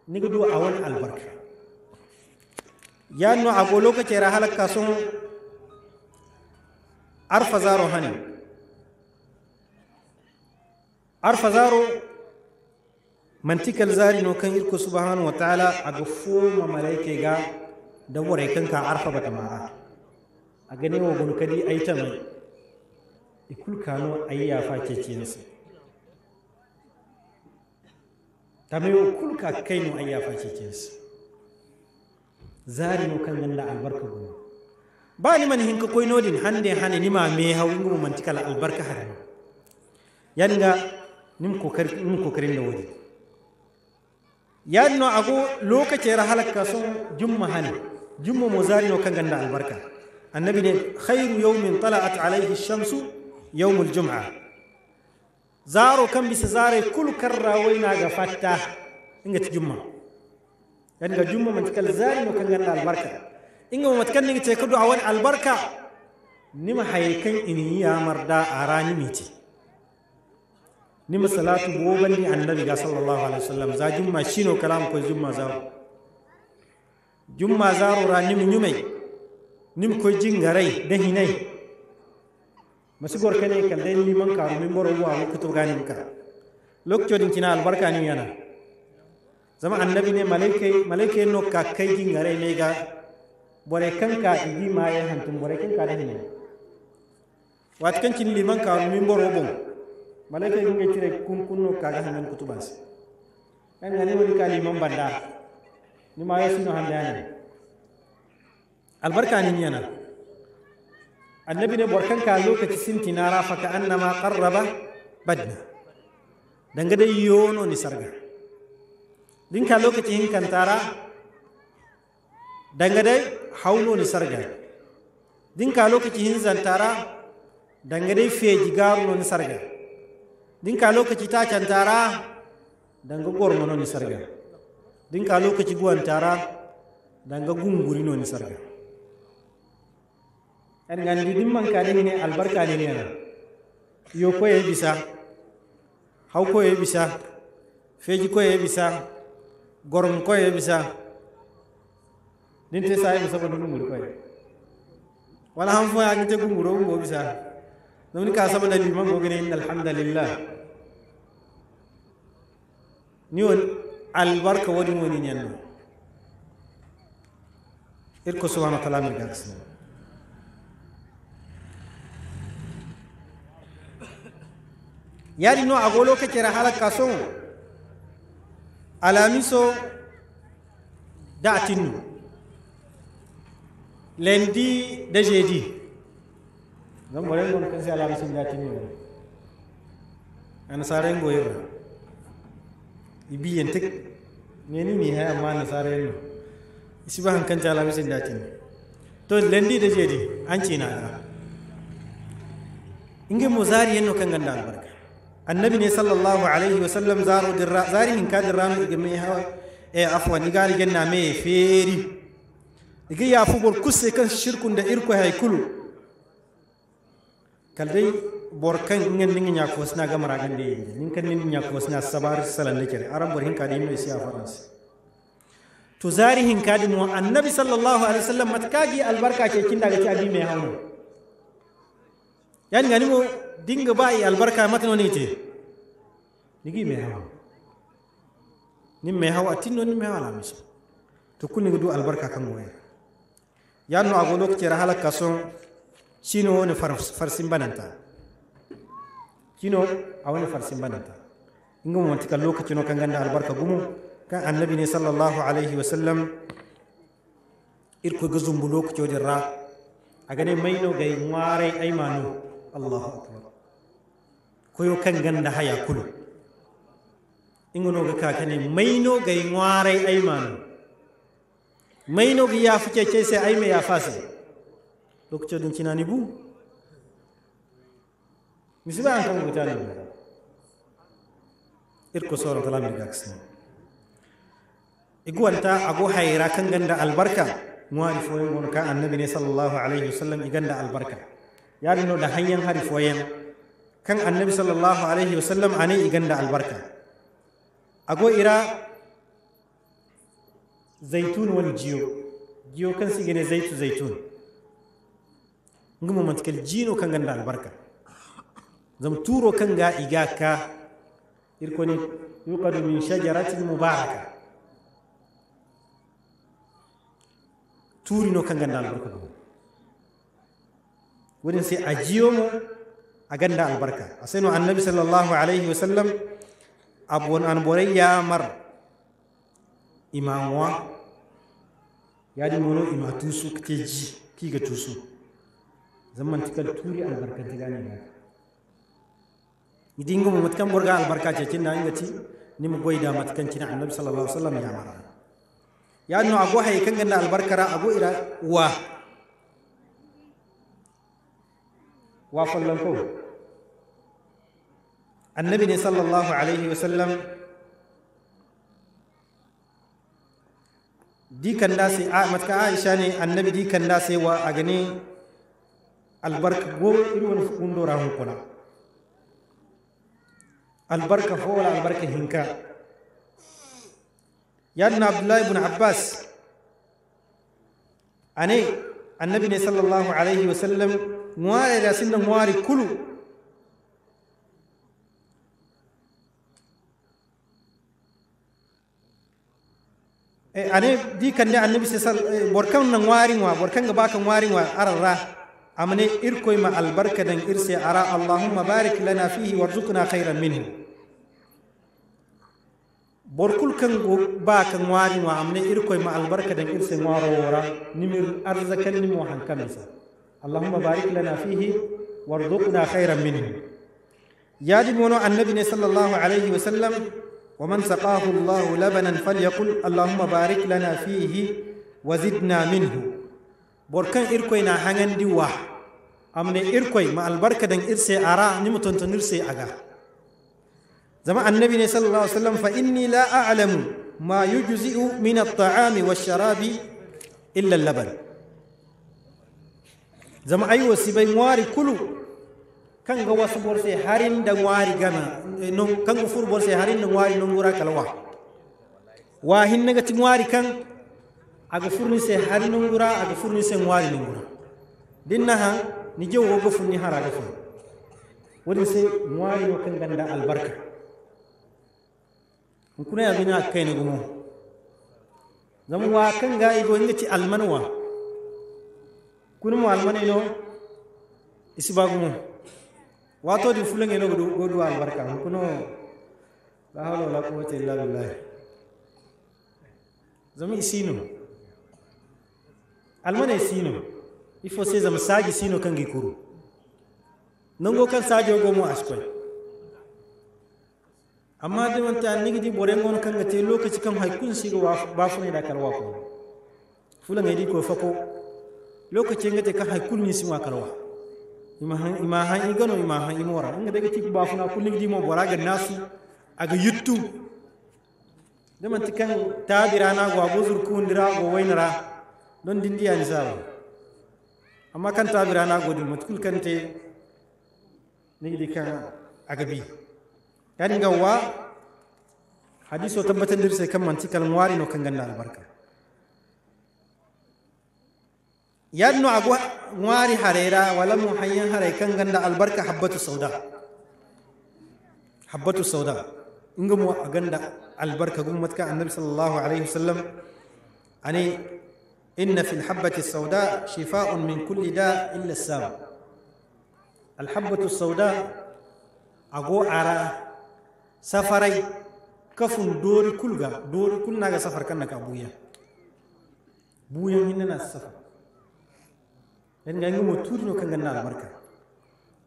ni gudu a wani albarka yanno a go lokaci ra halaka sun arfa zaro hani arfa zaro mantikal zari no kan irko subhanahu wataala ta'ala a ga fuma malaike ga da wurai kanka arfa bata mara a wa agane a yi ta mai ikul kano a yi ayya fa cecinsa ta mai ikul ka kai mu a kaino ayya fa cecinsa zari mu kan da albarka gon ba ni man hinka koi nodin hande hane ni ma me haw ngum mantika la albarka harin yanga nim kokari kokarin da wadi yadno ago lokace ra halaka so jumma hane jumma mo zari mu kan da albarka annabi ne khairu yawmin tala'at alayhi shamsu yawmul zaro kan bisa zare kul karrawai na ga fatta inga ta jumma yan ga jumma man kal kan ganna albarka inga mat kan ninga ce kudu a wani albarka nima haykan in ya marda arani miti nima salatu boban ni annabi sallallahu alaihi wasallam za jumma shino kalam ko jumma zaro zaro nim koy jingarai da hinai masu gorka ne kan dai liman karu min moro wa ku to ganin ka lokacin din kina albarka ne yana zama annabi ne malaikai malaikai no ka kai jingarai ne ga bore kan ka igi ma ya hantun bore kan ka da hinai wat kan kin liman karu min moro bon malaikai kun tire kun no ka ga hanan kutubansa kan ne wani ka liman banda ni ma ya sino handani albarka nin yana annabi ne borkan ka lokaci sinti na rafa ka annama qarraba badna danga dai yono ni sarga dinka lokaci hin kantara danga dai hauno ni sarga dinka lokaci hin zantara danga dai feji garuno ni sarga dinka lokaci ta cantara danga gormono ni sarga dinka lokaci guwantara danga gungurino ni sarga en gandi ɗum man ka ne albarka ɗen ena yo koye bisa haw koye bisa feeji koye bisa gorom koye bisa ɗin te sa ɓe saboto ɗum wuri koye wala han fo yaake tegu nguro ngo bisa ɗumni ka saba dalil man gogene inna alhamdulillah ni won albarka waɗi woni ñanno irko subhanau wa taala mi gaksina yari no agolo ka kera halaka kaso alamiso da tinnu lendi da jedi zan bare ngon kan sai alamiso da tinnu an sare ngoyira ibiyen tik neni mi ha amma na sare no isi ba hankan ta alamiso da tinnu to lendi da jedi an ci na inge mozari yanno eh, kan ganda albarka annabi ne sallallahu alaihi wa sallam zaro dirra zari min ka dirra ga mai hawa eh afwan ni gari genna me feri ga ya fugol kusse kan shirkun da irko haykulu kaldai kan ingen ningen ya ko sna gamara gande yende nin kan nin ya ko sna sabar salan lekere arab bor hinka dai no siya faransa to zari hinka din mu annabi sallallahu alaihi wasallam matkagi albarka ke kin daga ci abi mai hawa yani ganimo dinga ba albarka matano ni te nigi mai hawa ni mai hawa tinno ni mai hawa la miso to kunni du albarka kan waya lokaci ago lokacin halaka son shino wani farsin bananta kino a wani farsin bananta inga mu mantika lokacin kan ganda albarka gumu kan annabi ne sallallahu alaihi wasallam irko ga zumbu lokacin ra a gane maino ga yi ngware aimanu allahu akbar koyo kan ganda haya kulu ingono ga kakane maino ga ngwarai ai manu maino ga ya fi ce sai ai ya fasi lokacin din cinani bu misiba an kan mutane irko sauran talamin ga kasan iguwanta ago haira kan ganda albarka muwari foyin gon ka annabi ne sallallahu alaihi wasallam iganda albarka dino da hanyar hari foyen kan annabi sallallahu alaihi wasallam ane iganda albarka ago ira zaitun wani jiyo jiyo kan si gane zaitu zaitun ngumo mantikal jino kan ganda albarka zam turo kan ga iga ka irkoni yuqadu min shajaratin mubaraka turino kan ganda albarka wurin sai ajiyo mu a ganda albarka a annabi sallallahu alaihi wasallam abun ya mar imamuwa ya di mono ji ki ga tusu zaman turi albarka ya matkan albarka ce nan ni mu matkan annabi sallallahu alaihi wasallam ya mar ya ago hay kan albarkara ago ira wa wa fallan ko annabi ne sallallahu alaihi wasallam dikan da sai a matka aisha ne annabi dikan da sai wa a gani albarka go wani fukun dora hunkuna albarka fowar albarka hinka yadna abdullahi ibn abbas ne annabi ne sallallahu alaihi wasallam ngware da sinan ngwari kulu Eh, ane di kan da annabi sai eh, borkan nan warin wa borkan ga bakan warin wa ararra amane irkoy ma albarka dan irse ara allahumma barik lana fihi warzuqna khairan minhu borkul kan go bakan warin wa amane irkoy ma albarka dan irse ngaro wora nimir arzakan ni mo sa. allahumma barik lana fihi warzuqna khairan minhu yadi mono annabi ne sallallahu alaihi wasallam ومن سقاه الله لبنا فليقل اللهم بارك لنا فيه وزدنا منه بركان إركوي نحن دي واح أمن إركوي مع البركة دن إرسي أرى نمتن تنرسي أغا زمع النبي صلى الله عليه وسلم فإني لا أعلم ما يجزئ من الطعام والشراب إلا اللبن زمع أيوة سيبين واري كلو kan ga wasu borse harin da ngwari gana eh, kan ga fur borse harin da ngwari non wura kalwa wa hin naga ti ngwari kan aga furni se harin non gura aga furni se ngwari non gura dinna ha ni je wo go ni hara ga wani se ngwari no kan ganda albarka in kuna ya gina kai ne gumo zamu wa kan ga ido ni ci almanwa kunu mu almane no isi watodi fulangeno godu albarka kuno la hawla wala quwwata illa billah zama i almane almana ifo sino se zama saji sino gikuru nan go kan saji go mu askoi amma de bore mon kan ga te lokaci kan hay kun ba bafune da kalwa ko fulange di ko fako lokaci te kan haikun kun ni siwa kalwa ima han gano ima han imora nga daga tiki bafuna kullum di mo bora ga nasu aga yuttu da man tikan tabira na gwa go zurku ndira go wainara don dindiya ni ba amma kan tabira na go dum matkul kante ni di kan aga bi yani ga wa hadiso tabbatan dirse kan man tikal wari no kan ganda albarka yadno agwa واري حريرة ولا محيان حري كان عند البركة حبة السوداء حبة السوداء إنكم عند البركة قمت كان النبي صلى الله عليه وسلم أني إن في الحبة السوداء شفاء من كل داء إلا السام الحبة السوداء أقو على سفري كفن دور كل دور كل ناقة سفر كنك أبويا بويا مننا السفر en gangi mo tuudino kan ganna albarka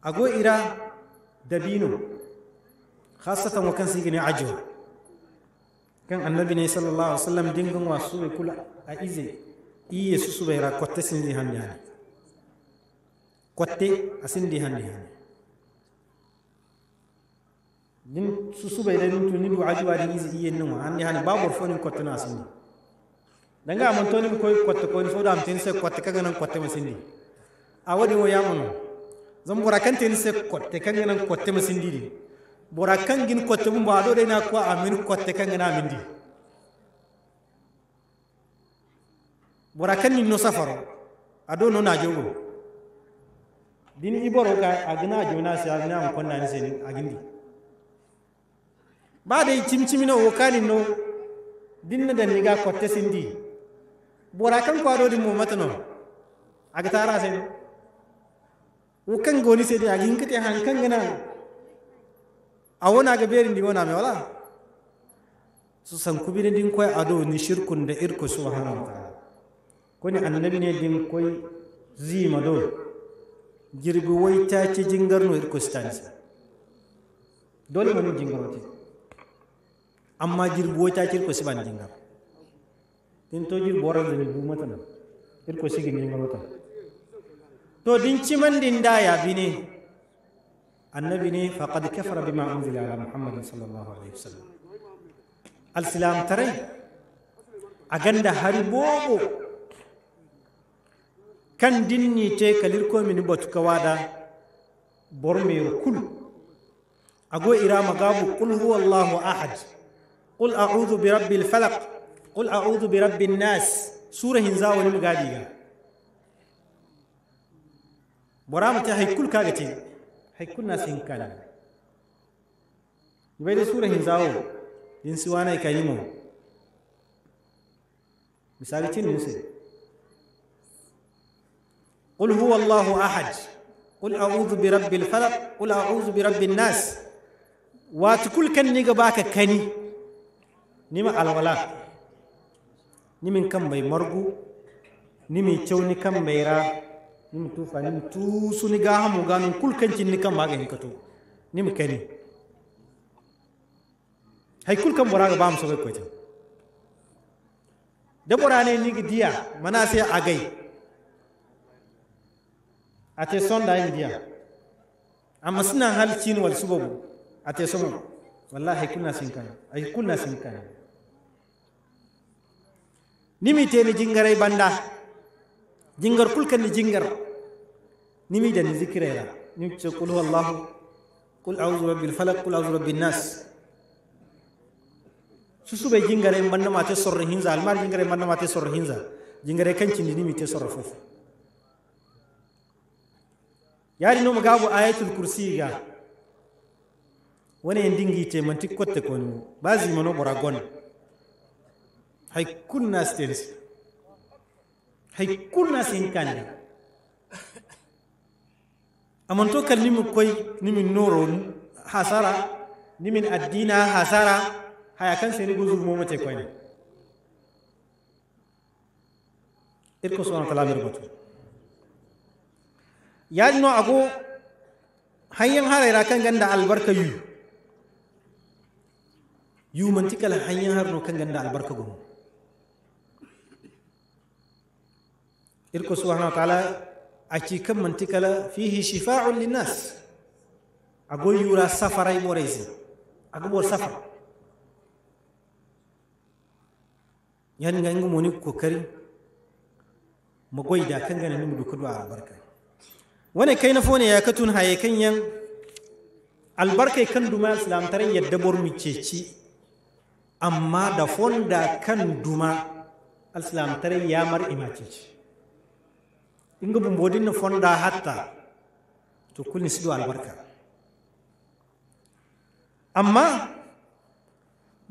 ago ira dabino khasatan wa kan sigini ajo kan annabi ne sallallahu alaihi wasallam dingan wasu be kula a ize iye su su bayra kotte sin di hande kotte asindi di hande din su su bayra din tuni du ajo adi ize iye nan hande hande babu fonin kotte na asindi danga amon toni ko kotte ko ni so da tin se kotte kaga nan kotte masindi awadi wo yamono zan bora kan ten se kotte kan nan kotte masindiri bora kan gin kotte mun ba do na ko amin kotte kan ngana mindi bora kan ni no safaro ado no na jogo dini iboro ka agna jona si agna am konna ni a agindi ba dai na wo kanin no din da ni ga kotte sindi bora kan kwado di mo matano agtara sen wukan goni a agi hinkati hankan gana wana ga berin di wana me wala su san kubine din koy ado ni shirkun da irko subhanahu wa ta'ala koni annabi ne din koy zima do girbi wai ta ci no irko stansa dole jingar wata, amma girbi wai ta ci irko siban jingar din to jirbi waran da ni bu mata irko sigin wata to dinci man din da ya bine annabi ne faqad kafara bima unzila ala muhammad sallallahu alaihi wasallam alsilam tarai a ganda hari bobo kan dinni te kalir ko min batu kawada borme kul ago ira magabu qul huwallahu ahad qul a'udhu birabbil falaq qul a'udhu birabbin nas sura hinza wani mugadiga برامتي هي كل كاغتي هي كل ناس هين هنكان بيد سورة هنزاو جنسي وانا يكايمو مثالتين موسى قل هو الله أحد قل أعوذ برب الفلق قل أعوذ برب الناس واتكل كن نيجباك كني نيما على ولا نيمن كم بي مرغو نيمي تشوني كم بيرا nim tu fa nim tu suni ga hamu ga nun kul kanci ni kan maga hinkato nim kani hay kul kan boraga ga bam so ko ta da borane ni gi dia mana A agai ate da yin diya amma suna halcin wal subabu ate somo wallahi kuna sin kan ay kuna sin kan nimi teni jingare banda jingar ni jingar ni mi dan dani la ni ce qul huwallahu qul a'udhu al falaq qul a'udhu birabbin nas be jingare ma mate sorro hinza almar jingare ma mate sorro hinza jingare ni mi te sorro fofu yari no magabu ayatul kursi ga woni en dingiite manti kotte koni basi mono ɓora gon hay kunnastensi hay kanne amon to kan nimu koy nimin noro hasara nimin addina hasara haya kan seni guzur momote koyne irko subhanahu wa ta'ala mirbatu yaɗino ago hanyan harayra kan ganda albarka yu yu yumantikala hanyan harno kan ganda albarka gomo irko subhanahu wa ta'ala aci kam manti kala fihi shifa'un linnas ago yura safarai morezi ago bor safar yan nga ngi moni kokari mu goida kan gana ni mu kudu albarka wane kai na fone ya katun haye kan yan albarkai kan duma islam taran yadda bor mu ceci amma da fonda kan duma islam taran ya mar ima inga bumbodin na fonda hatta to kulli sido albarka amma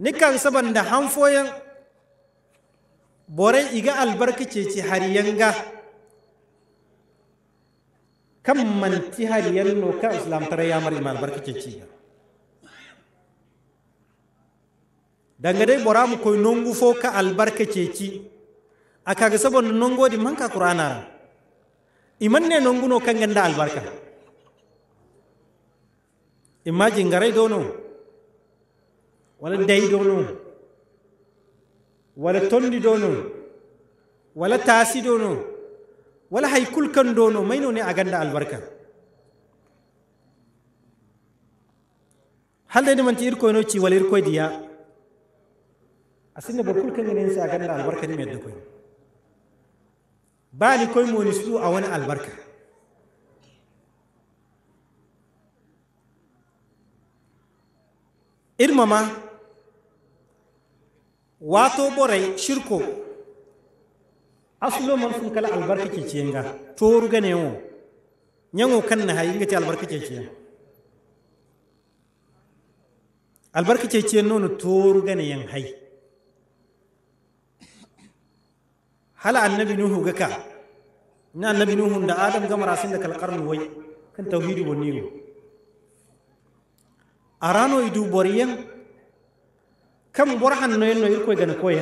nikan saban da hanfoyan borai iga albarka ceci har yanga kan manti har yanno ka islam tara yamar ima albarka ceci Dangade bora mu koy nongu fo ka albarka ceci ga saban nongo di manka qur'ana imanne nonguno kangenda albarka imaji jingaray dono wala dai dono wala tondi dono wala tasi dono wala hay kan dono ne aganda albarka haldeni manti no ci wala ko diya asinna bor kan ne sa aganda albarka ni medde ko Ba ni koy moni su a wani albarka irmama wato borai shirko aslo man sun kala albarka ke ciyenga toru gane yau yango kan na hayi gaci albarka ke ciyen albarka ke ciyen nono toru gane yan hayi هل النبي نوح جكا إن النبي نوح عند آدم جمع راسين لك القرن وي كان توحيد بنيو أرانو يدو بريان كم برهن نوين نوير كوي جن كوي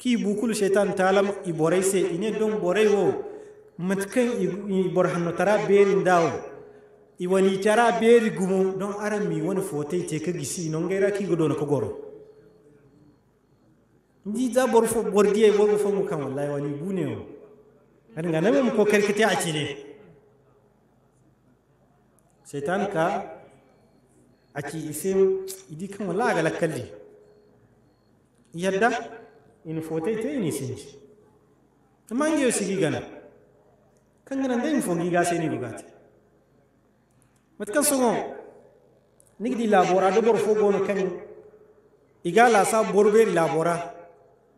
كي بوكل شيطان تعلم يبوري سي إني دوم بوري هو متكن يبرهن نترى بيرين داو iwani cara beri gumo don arami wani fotai te ka gisi non gaira ki kogoro nji za bor fo bor diye bor fo mu kan wallahi wani bune o kan ga nabe mu ko karkite a cile shaitan ka a ci isim idi kan wallahi ga lakalli yadda in fotai te ni sinji amma ngi gi gana kan gana dai mu fongi ga sai ni bugati matkan songo nigdi labora do bor fo gonu kan igala sa borberi labora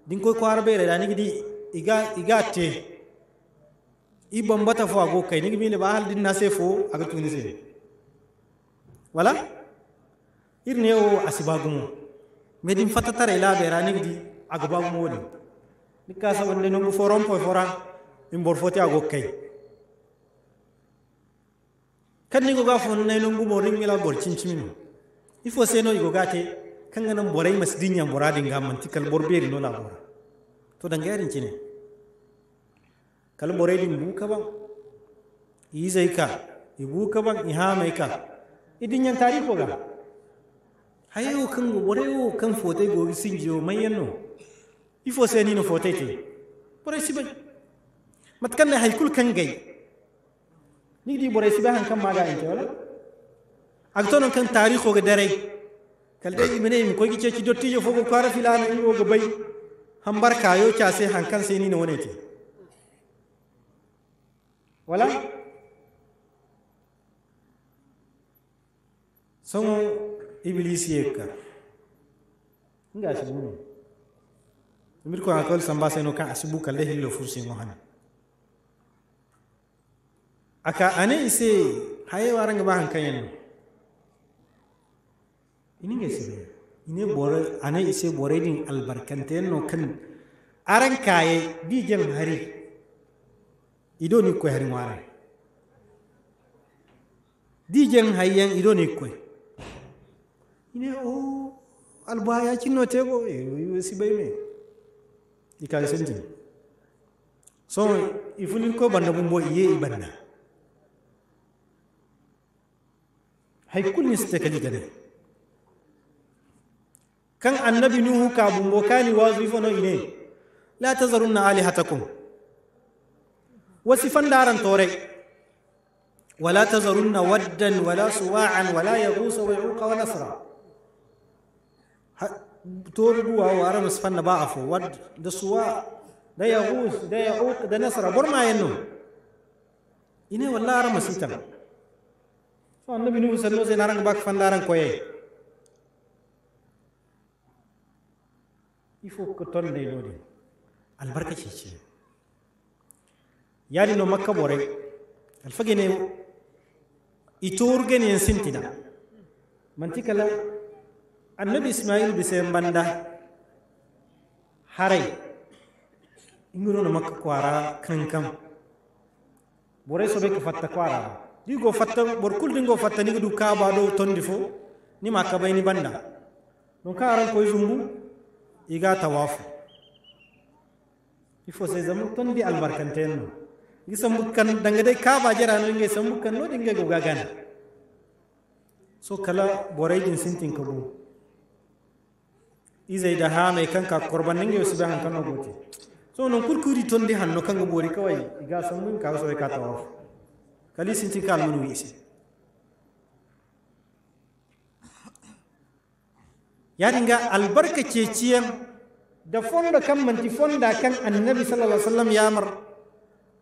din koy kwara bai da nigidi iga iga te i bambata fo ago kay nigi mine ba hal din na se fo aga tuni se wala irne o asibagumo medin fatatara ila be ra nigidi aga bagumo woni nikka sa wonde no forum po e fora in bor foti ago kay kan ni go ga fon nay no gumo ringila bor cincimino ifo seno igo gate kan ganan borai masdinya boradin ga mantikal borberi nuna bora. to danga yarin cine kal borai din buka yi izai ka ibuka ban ihamai ka idin yan tariho ga hayo kan borai wo kan fotai gobi sinjiyo mayanno ifo sai ni no fotai te borai bai matkan na haikul kan gai Ni di borai sibai han kan maga inte wala agtonon kan ko ga darai kalde imene mi koy gice ki yo fogo kwara filana iwo go bay hambar kayo ca sai hankan sai ni ne wonete wala son iblis yeka nga asibuni mir ko akol samba sai no kan asibu kalde hillo fursi hana aka ane ise haye waranga ba hankan yanno ininga sebe ine bore ana ise bore din albarkante no kan aran kaye di jam hari ido ni ko hari mare di jam hayyan ido ni ko ine o alba ya cinno tego e si bay me ikal senti so ifunin ko banda bumbo iye ibanda hay kulni stekali gade kan annabi nuhu ka bungo kani wa zifo ine la tazarunna alihatakum wasifan daran tore wala tazarunna waddan wala suwa'an wala yaghus wa yuqa wa nasra tore duwa wa ara musfan na ba'afu da suwa da yaghus da da nasra burma yanu ine wallahi ara musitan fa annabi nuhu sallallahu alaihi wasallam narang bak fandaran koyai il faut ko tonde no ɗen albarka cece yaadi no makka ɓore alfagene i torgeni en sintina manti kala annabi ismail se banda haray ingirono makka ko ara bore ɓore soɓe ko fatta kwara ba ɗigo fatta ɓor kuldingo fatta ni du kaba ɗo tondi fo bai ni banda donc aran koi zumbu iga tawafu ifo sai zamu ton di albarkantenno gisa mukkan danga dai ka ba jira nan ngai sam mukkan no dinga goga gana so kala borai din sintin bu izai da ha mai kanka korban ngai su ban kan gote so nan kurkuri ton di hanno kanga bori kawai iga sam mun ka so ka tawafu kali sintin kal mun wi dinga albarka ceciyen da fondo kan manti fonda kan annabi sallallahu alaihi wasallam mar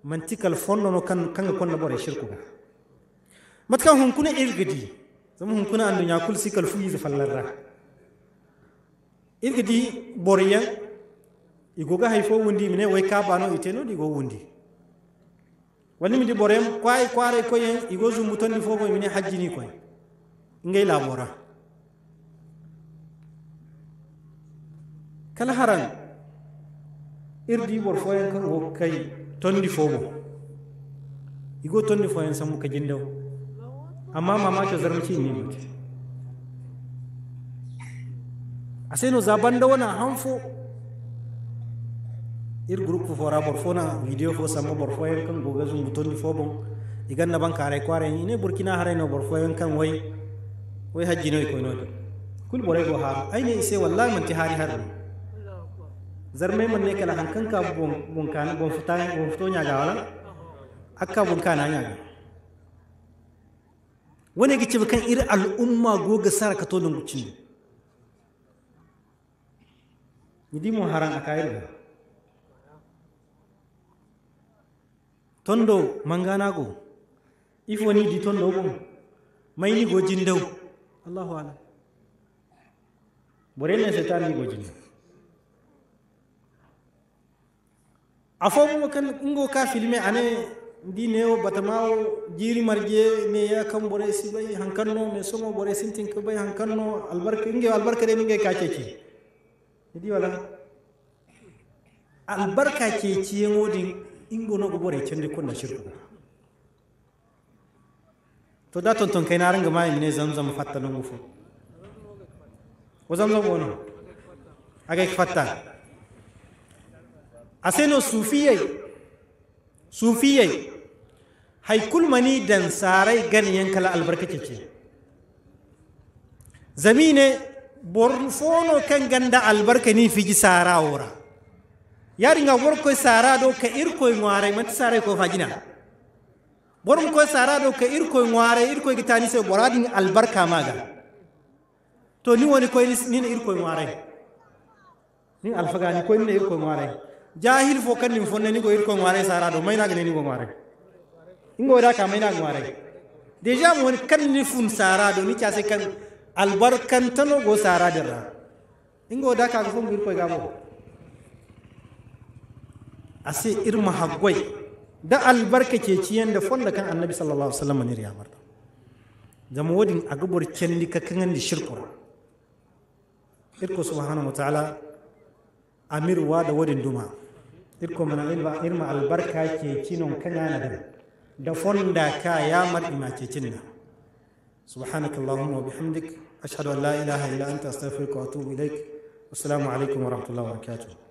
manti kal fondo no kan kan kon na bore shirku ga matka hun kuna irgidi zama hun kuna an nya kul sikal fuyi za fallarra irgidi boriya ga haifo wundi mine wai ka bano no digo wundi wani di borem kwai kware koyen igo zumbuton di fogo mine hajjini koy ngay labora kala haran irdi bor foyen kan go kay tondi fobo igo tondi foyen samu ka jindaw amma mama ta ci ni mutu asai no zaban da hanfo ir group fora bor fona video fo samu bor foyen kan go gazun tondi fobon igan na banka harai kware ni ne burkina harai no bor foyen kan wai way hajji no ko no kul borai go ha ayne ise sai wallahi man ti hari har zarmai mun ne kala hankan ka bon kan bon futa bon futo nya ga wala akka bon kana nya ga wani gici kan iri al'umma goga sara ka tolin gucin yidi mu haran yi ga tondo mangana go ifo ni di tondo go mai ni go jindau Allahu ala bore ne setan ni go jindau afo mu kan ngo ka filme ane di neo batamao jiri marje me ya kan bore si bay hankanno me somo bore sintin ko bay hankanno albarka nge albarka de nge ka ceci di wala albarka ke ciye ngodin ingo no bore cende ko na shirku to da ton ton kai na ranga mai ne zamzam fatta no mufu ko zamzam wono agay fatta aseno sufiyai sufiyai haikulmani dan sarai ganiyan kala albarkace ce ne borfono kan ganda albarka ni fiji sara wora yari nga worko sara do ka irko ngware mat sara ko fajina borum ko sara do ka irko ngware irko gitani se boradin albarka maga to ni woni ko ni irko ngware ni alfaga ni ko ni irko ngware jahil fo kan nim fonne ni go irko ngware sara do mayna ga ni go ngware ingo da ka mayna ngware deja mo kan ni fun sara do ni chase kan albarkantano go sara dirra ingo da ka ko ngir ko ga mo ase irma haggoi da albarka ke ciyan da fonda kan annabi sallallahu alaihi wasallam ne riyamar zama wadin a gabar kendi ka kan da shirkura irko subhanahu wa ta'ala amirwa da wadin duma irko mana irma albarka ke kinon kana da da fonda ka ya mar ima ke kinna subhanaka allahumma wa bihamdik ashhadu an la ilaha illa anta astaghfiruka wa atubu ilaik assalamu alaikum wa rahmatullahi wa barakatuh